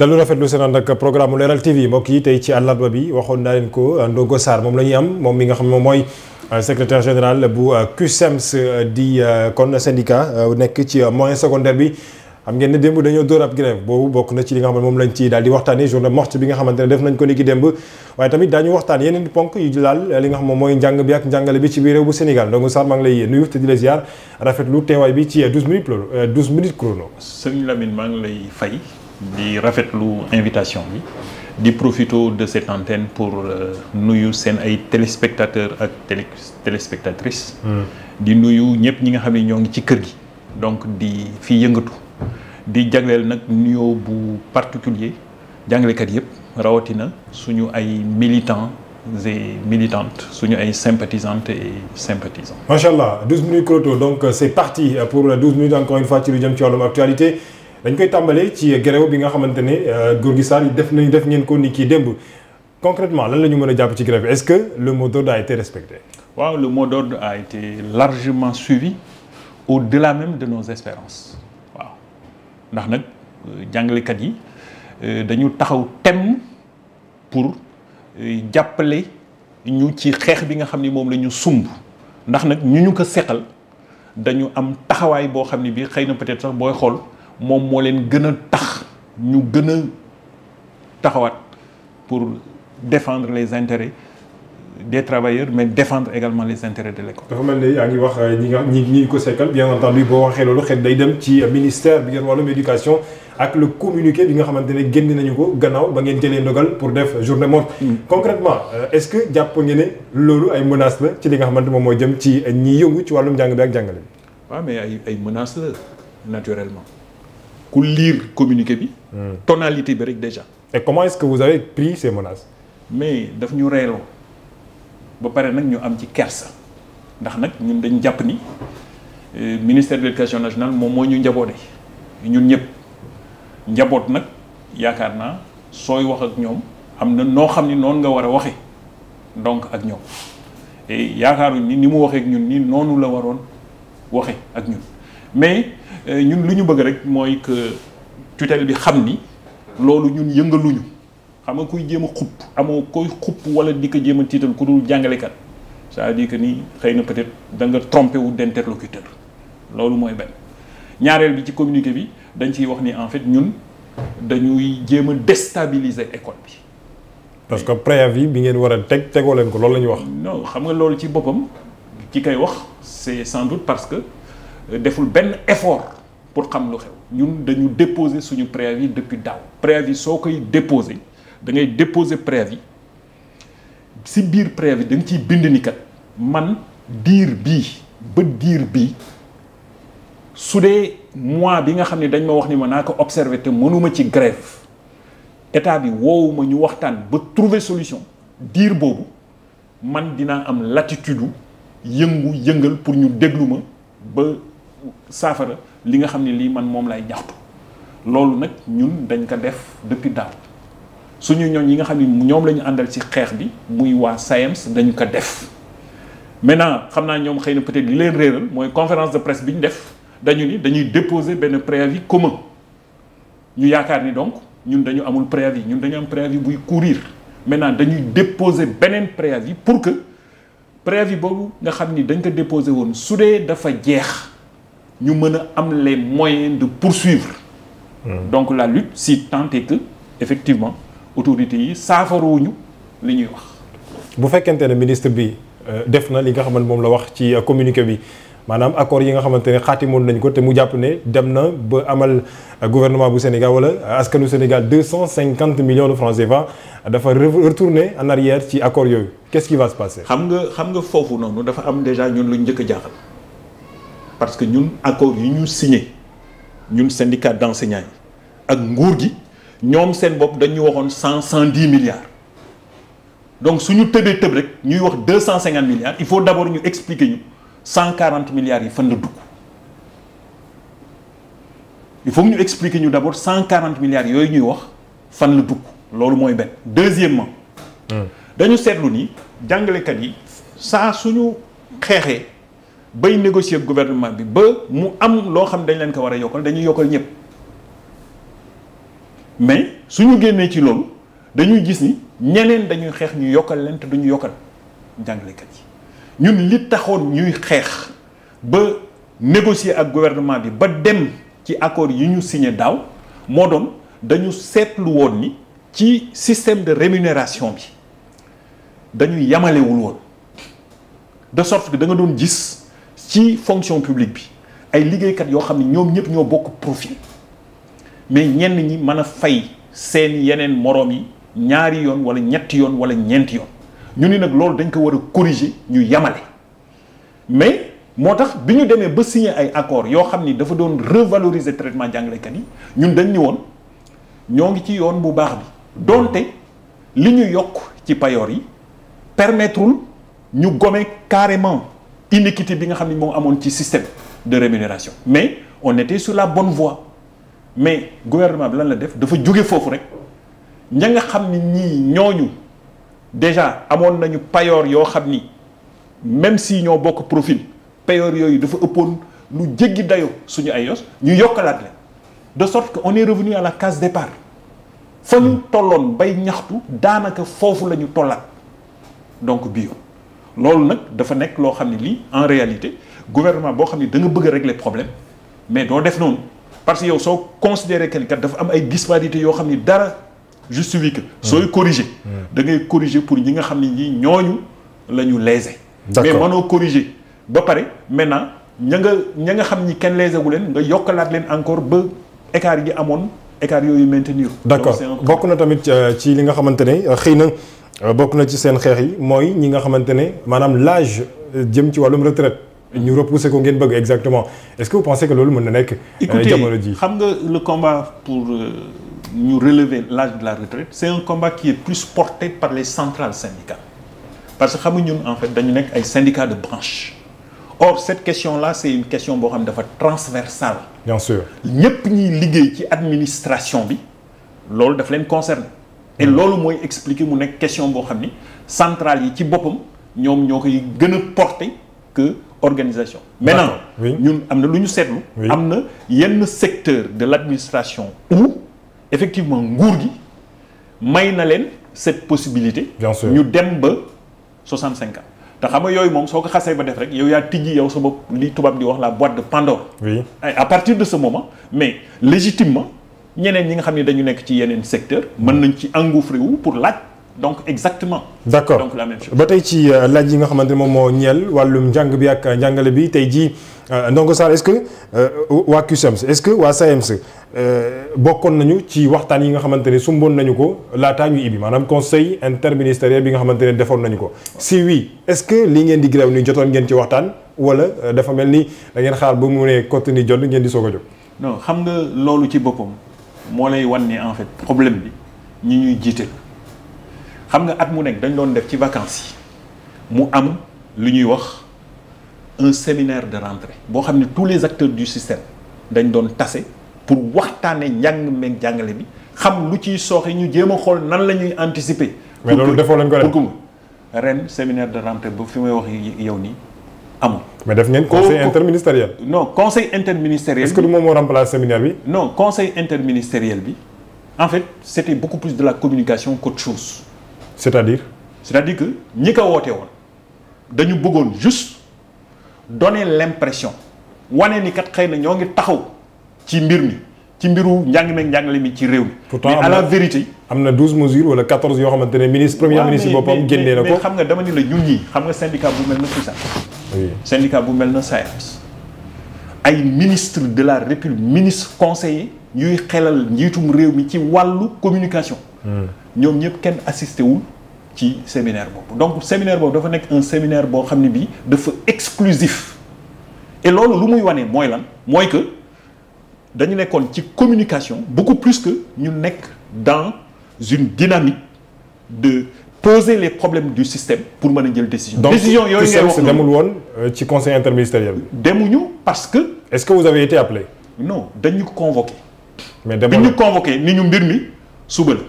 dalu rafet lu seen ànd ak programme Leral TV mbokk yi tey ci àllarba bi waxoon naa leen ko Ndogo Sarr moom la ñuy am moom mi nga xam ne moom mooy euh, secrétaire général bu euh, CUSEMS euh, di kon syndicat nekk ci moyen secondaire bi xam ngeen ne démb dañoo dóor ab grève boobu bokk na ci li nga xam ne moom lañ ci daal di waxtaanee journée morte bi nga xamante ne def nañ ko ni ki démb waaye tamit daañu waxtaan yeneen ponk yu laal li nga xam moom mooy njàng bi ak njàngale bi ci biir réew bu Sénégal Ndongo Sarr maa ngi lay nuyu te di la ziar rafetlu teewaay bi ci maa ngi lay fay di rafetlu invitation bi di profito de cette antenne pour euh, nuyu seen ay téléspectateurs ak télé téléspectatrices. Hmm. di nuyu ñëpp ñi nga xam ne ñoo ngi ci kër gi. donc di fi yëngatu di jagleel nag nuyoo bu particulier jàngalekat yëpp rawatina suñu ay militants. des militantes suñu ay sympathisantes et sympathisants. macha allah 12 minutes chrono donc euh, c'est parti euh, pour 12 minutes encore une fois ci lu jëm ci wàllum actualité. dañ koy tàmbalee ci grève bi nga xamante ne euh, Gorgui Sarr def nañ def ngeen ko ni kii démb concrètement lan la ñu mën a jàpp ci grève bi est-ce que le mot d'ordre a été respecté. waaw le mot d'ordre a été largement suivi au-delà même de nos espérances waaw ndax nag euh, jàngalekat yi euh, dañu taxaw temm pour jàppale ñu ci xeex bi nga xam ni moom la ñu sumb ndax nag ñu ñu ko seqal dañu am taxawaay boo xam ni bii xëy na peut-être sax booy xool. moom moo leen gën a tax ñu gën a taxawaat pour défendre les intérêts des travailleurs mais défendre également les intérêts de l'école. dafa mel ni yaa ngi wax euh, ñi nga ñi ñi ko sekkal bien entendu boo waxee loolu xel day dem ci ministère bi ngeen wàllum éducation ak le communiqué bi nga xamante ne génn nañu ko gannaaw ba ngeen jëlee ndogal pour def journée morte. Mm. concrètement euh, est-ce que jàpp ngeen ne loolu ay menaces la ci li nga xamante moom moo jëm ci ñi yëngu ci wàllum jàng ak jàngale bi. waaw mais ay ay menaces la naturellement. ku liir communiqué bi. Hmm. tonalité bi rek déjà. et comment est-ce que vous avez pris ces menaces. mais daf ñu reeloo ba pare nag ñu am ci kersa ndax nag ñun dañ jàpp ni eh, ministère de l'éducation nationale moom moo ñu njaboote ñun ñëpp njaboot nag yaakaar naa sooy wax ak ñoom am na noo xam ni noonu nga war a waxee donc ak ñoom et yaakaaruñ ni ni mu waxee ñun ni noonu la waroon waxee ak ñun mais. Euh, ñun lu ñu bëgg rek mooy que tutelle bi xam ni loolu ñun yëngaluñu xam nga kuy jéem a xupp amoo koy xupp wala di ko jéem a tiital ku dul jàngalekat c'est-à-dire que ni xëy na peut-être da nga trompé wu d'interlocuteur loolu mooy benn ñaareel bi ci communiqué bi dañ ciy wax ni en fait ñun dañuy jéem a déstabiliser école bi. parce que préavis bi ngeen war a teg tegoo leen ko loolu la ñu wax. non xam nga loolu ci boppam ki koy wax c'est sans doute parce que euh, deful benn effort. pour xam lu xew ñun dañu déposer suñu préavis depuis daaw préavis soo koy déposer da ngay déposer préavis si biir préavis da nga ciy bind ni kat man diir bi ba diir bi su dee mois bi nga xam ne dañ ma wax ni ma naa ko observé te mënuma ci grève état bi woowuma ñu waxtaan ba trouver solution diir boobu man dinaa am latitude yëngu yëngal pour ñu déglu ma ba saafara li nga xam ne lii man moom lay ñaxtu loolu nag ñun dañ ko def depuis daaw suñu ñooñ ñi nga xam ne ñoom la ñu àndal ci xeex bi muy waa SAEMS dañ ko def maintenant xam naa ñoom xëy na peut-être li leen réeral mooy conférence de presse bi ñu def dañu ni dañuy déposer benn préavis commun ñu yaakaar ni donc ñun dañu amul préavis ñun dañu am préavis buy courir maintenant dañuy déposer beneen préavis pour que yi boobu nga xam ni dañ ko déposer woon su dee dafa jeex ñu mën a am les moyens de poursuivre hmm. donc la lutte si tant est que effectivement autorités yi saafaruñu li ñuy wax bu fekkente ne ministre bi euh, def na li nga xamante moom la wax ci euh, communiqué bi maanaam accord yi nga xamante ne xaatimoon nañ ko te mu jàpp ne dem na ba amal euh, gouvernement bu Sénégal wala askanu Sénégal deux cent cinquante millions de francs CFA dafa retourner en arrière ci accord yooyu qu'est-ce qui va se passer xam nga xam nga foofu noonu dafa am déjà ñun luñ ñu a jaaxal parce que ñun accord yi ñu signé ñun syndicat d'enseignants yi ak nguur gi ñoom seen bopp dañu waxoon cent cent dix milliards donc suñu tëbee tëb rek ñuy wax deux cent cinquante milliards il faut d'abord ñu expliquer ñu cent quarante milliards yi fan la dugg il faut ñu expliquer ñu d'abord cent quarante milliards yooyu ñuy wax fan la dugg loolu mooy benn deuxièmement hmm. dañu seetlu ni jàngalekat yi saa suñu xeexee bay négocier gouvernement bi ba mu am loo xam dañ leen ko war a yokkal dañuy yokkal ñëpp mais suñu génnee ci loolu dañuy gis ni ñeneen dañuy xeex ñu yokkal leen te duñu yokkal jàngalekat yi ñun li taxoon ñuy xeex ba négocier ak gouvernement bi ba dem ci accord yu ñu signé daaw moo doon dañu seetlu woon ni ci système de rémunération bi dañu yamalewul woon de sorte que da doon gis ci fonction publique bi ay liggéeykat yoo xam ne ñoom ñëpp ñoo bokk profil mais ñenn ñi mën a fay seen yeneen moroom yi ñaari yoon wala ñetti yoon wala ñeenti yoon ñu ni nag loolu dañ ko war a corriger ñu yamale mais moo tax bi ñu demee ba signé ay accord yoo xam ni dafa doon revaloriser traitement jàngalekat yi ñun dañ ni woon ñoo ngi ci yoon bu baax bi doonte li ñu yokk ci payoor yi permettrul ñu gome carrément iniquité bi nga xam ne moom amoon ci système de rémunération mais on était sur la bon voie mais gouvernement bi lan la def dafa jóge foofu rek ña nga xam ni ñii ñooñu déjà amoon nañu payoor yoo xam ni même si ñoo bokk profil payoor yooyu dafa ëppoon lu jéggi dayo suñu ay yos ñu yokkalaat leen de sorte que on est revenu à la case départ fa ñu tolloon bay ñaxtu daanaka foofu la ñu tollaat donc bio loolu nag dafa nekk loo xam ne lii en réalité gouvernement boo xam ne da bëgg a régler problème mais doo def noonu parce que yow soo considéré que kat dafa am ay disparité yoo xam ne dara justifie que sooy hmm. corriger hmm. da ngay corriger pour ñi nga xam ne ñi ñooñu la ñu léser mais mënoo corriger ba pare maintenant ña nga ña nga xam ni kenn léser wu leen nga yokkalaat leen encore ba écart yi amoon écart yooyu maintenir d'accord bokk na tamit euh, ci li nga xamante ne euh, xëy na Euh, bokk na ci seen xeex yi mooy ñi nga xamante ne maanaam l'âge euh, jëm ci wàllum retraite ñu repousser ko ngeen bëgg exactement est-ce que vous pensez que loolu mun na nekk. Euh, jamono ji xam nga le combat pour ñu relever l'âge de la retraite c'est un combat qui est plus porté par les centrales syndicales parce que xam nga ñun en fait dañu nekk ay syndicats de branche or cette question la c'est une question boo xam ne dafa transversale. bien sûr ñëpp ñuy liggéey ci administration bi loolu daf leen concerner. loolu mooy expliquer mu nekk question boo xam ni centrale yi ci boppam ñoom ñoo koy gën a porter que organisation maintenant ñun am na lu ñu seetlu am na yenn secteur de l'administration où effectivement nguur gi may na leen cette possibilité ñu dem ba 65 ans te xam nga yooyu moom soo ko xasee ba def rek yow yaa tijji yow sa bopp li tubaab di wax la boîte de Pandore oui partir de ce moment mais légitimement ñeneen ñi nga xam ne dañu nekk ci yeneen secteur mën nañ ci engouffré wu pour laaj donc exactement. d'accord donc la ba tey ci euh, laaj yi nga xamante ne moom moo ñeel wàllum njàng bi ak euh, njàngale bi tey jii euh, Ndongo Sarr est-ce que waa CUSEMS e est-ce que waa SAEMS e bokkoon nañu ci waxtaan yi nga xamante ne sumboon nañu ko laataa ñuy ibi maanaam conseil interministériel bi nga xamante ne defoon nañu ko si oui est-ce que li ngeen di grève ni jotoon ngeen ci waxtaan wala dafa mel ni da ngeen ba mu ne continuer jot ngeen di soog a jóg. xam nga loolu ci boppam. moo lay wan ni en fait problème bi ñu ñuy jiite xam nga at mu nekk dañ doon def ci vacances yi mu am lu ñuy wax un séminaire de rentrée boo xam ne tous les acteurs du système dañ doon tase pour waxtaane njàng meeg jàngale bi xam lu ciy sooxe ñu jéem a xool nan la ñuy anticiper. mais loolu defoo lañ ko ren séminaire de rentrée ba fi may wax yow nii amul. mais def ngeen conseil interministériel. non conseil interministériel. est-ce que du moom moo remplace séminaire bi. non conseil interministériel bi en fait c'était beaucoup plus de la communication qu'autre chose. c'est-à-dire. c'est-à-dire que ñi ko wootee woon dañu bëggoon juste donner l'impression wane ni kat xëy na ñoo ngi taxaw ci mbir mi ci mbiru njàng meeg njàngale mi ci réew mi. pourtant mais à la vérité. am na douze mesures wala quatorze yoo xamante ne ministre premier ministre boppam génnee na ko mais xam nga dama ni la ñun ñi xam nga syndicat bu mel na FUSAC syndicat bu mel na SAEMS ay ministre de la république ministre conseiller ñuy xelal njiitum réew mi ci wàllu communication hmm. ñoom ñëpp kenn assisté wul ci séminaire boobu donc séminaire boobu dafa nekk un séminaire boo xam ne bii dafa exclusif et loolu lu muy wane mooy lan mooy que dañu nekkoon ci communication beaucoup plus que ñu nekk dans une dynamique de poser les problèmes du système pour mën a jël décision. Donc, décision yooyu ngay wax demul woon euh, ci conseil interministériel bi. ñu parce que. est-ce que vous avez été appelé. non dañu convoqué. mais bi ñu convoqué ni ñu mbir mi suba la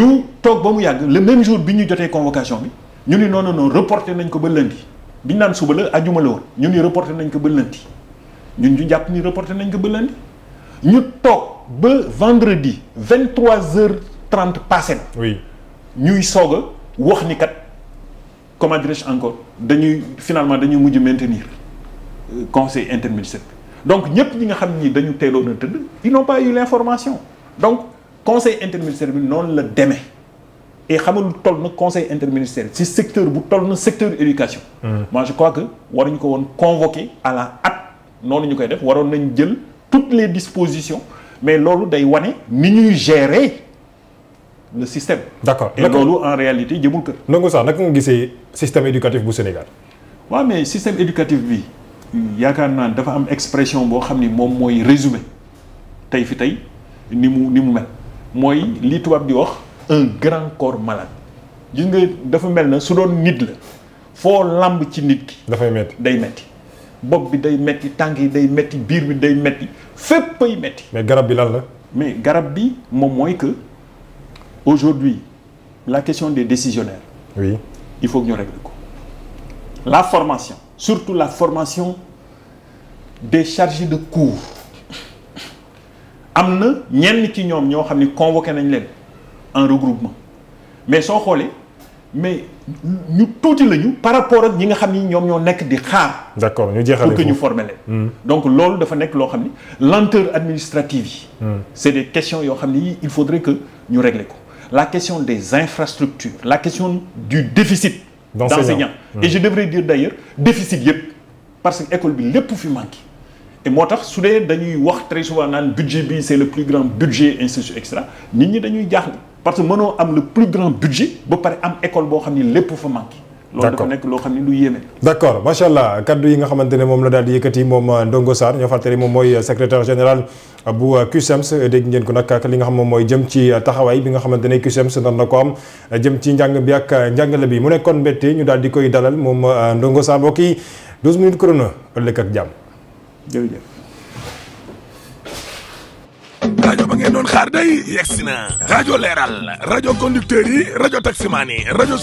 ñu toog ba mu yàgg le même jour bi ñu jotee convocation bi ñu ni noonu non non reporté nañ ko ba lundi bi ñu naan suba la ajuma la woon ñu ni reporté nañ ko ba lundi ñun ñu jàpp ni reporté nañ ko ba ñu toog. ba vendredi vingt trois heures trente passé na. oui soog a wax ni kat comment dirais-je encore dañuy finalement dañuy mujj maintenir euh, conseil interministériel donc ñëpp ñi nga xam ni dañu teeloon a tëdd ils n'ont pas eu conseil interministériel bi noonu la demee et xamal lu toll na conseil interministériel ci secteur bu toll na secteur éducation. Hmm. moi je crois que war waruñu ko woon convoquer à la hâte noonu ñu koy def waroon nañ jël toutes les dispositions. mais loolu day wane ni ñuy gérer le système. d'accord et loolu en réalité jëmul kër. nangu sax naka nga gisee système éducatif bu Sénégal. waaw mais système éducatif bi yaakaar naa dafa am expression boo xam ni moom mooy résumé tey fi tey ni mu ni mu mel mooy li tubaab di wax un grand corps malade gis nga dafa mel na su doon nit la foo lamb ci nit ki. dafay metti day metti bopp bi day metti tànk yi day metti biir bi day metti fépp ay metti mais garab bi lan la. mais garab bi moom mooy que aujourd'hui la question des décisionnaires. oui il faut que ñu régler ko. la formation surtout la formation des chargés de cours am na ñenn ci ñoom ñoo xam ni convoqué nañ leen en regroupement mais soo xoolee. mais ñu tuuti lañu par rapport ak ñi nga xam ni ñoom ñoo nekk di xaar. d'accord ñu jeexale pour que ñu former leen. Hmm. donc loolu dafa nekk loo xam ni lenteur administrative yi. Hmm. c'est des questions yoo xam ni il faudrait que ñu régler ko la question des infrastructures la question du déficit. d'enseignants hmm. et je devrais dire d'ailleurs déficit yëpp parce que école bi lépp fi manqué. et moo tax su dee dañuy wax très souvent naan budget bi c'est le plus grand budget et cetera nit ñi dañuy jaaxle. parce que mënoo am le plus grand budget ba pare am école boo xam ni lépp fa manqué. loolu dafa nekk loo xam ne lu yéeme. d' accord macha allah kaddu yi nga xamante ne moom la daal di yëkkati moom euh, Ndongo Sarr ñoo fàttali moom mooy euh, secrétaire général euh, bu CUSEMS e dégg ngeen ko nag li nga xam moom mooy jëm ci taxawaay bi nga xamante ne CUSEMS e nar na ko am jëm ci njàng bi ak njàngale bi mu nekkoon mbette ñu daal di koy dalal moom Ndongo Sarr mbokk yi 12 minutes chrono ëllëg ak ba ngeen doon xaar day yegsi na rajo leeral rajo conducteur yi rajo taximaan yi rajo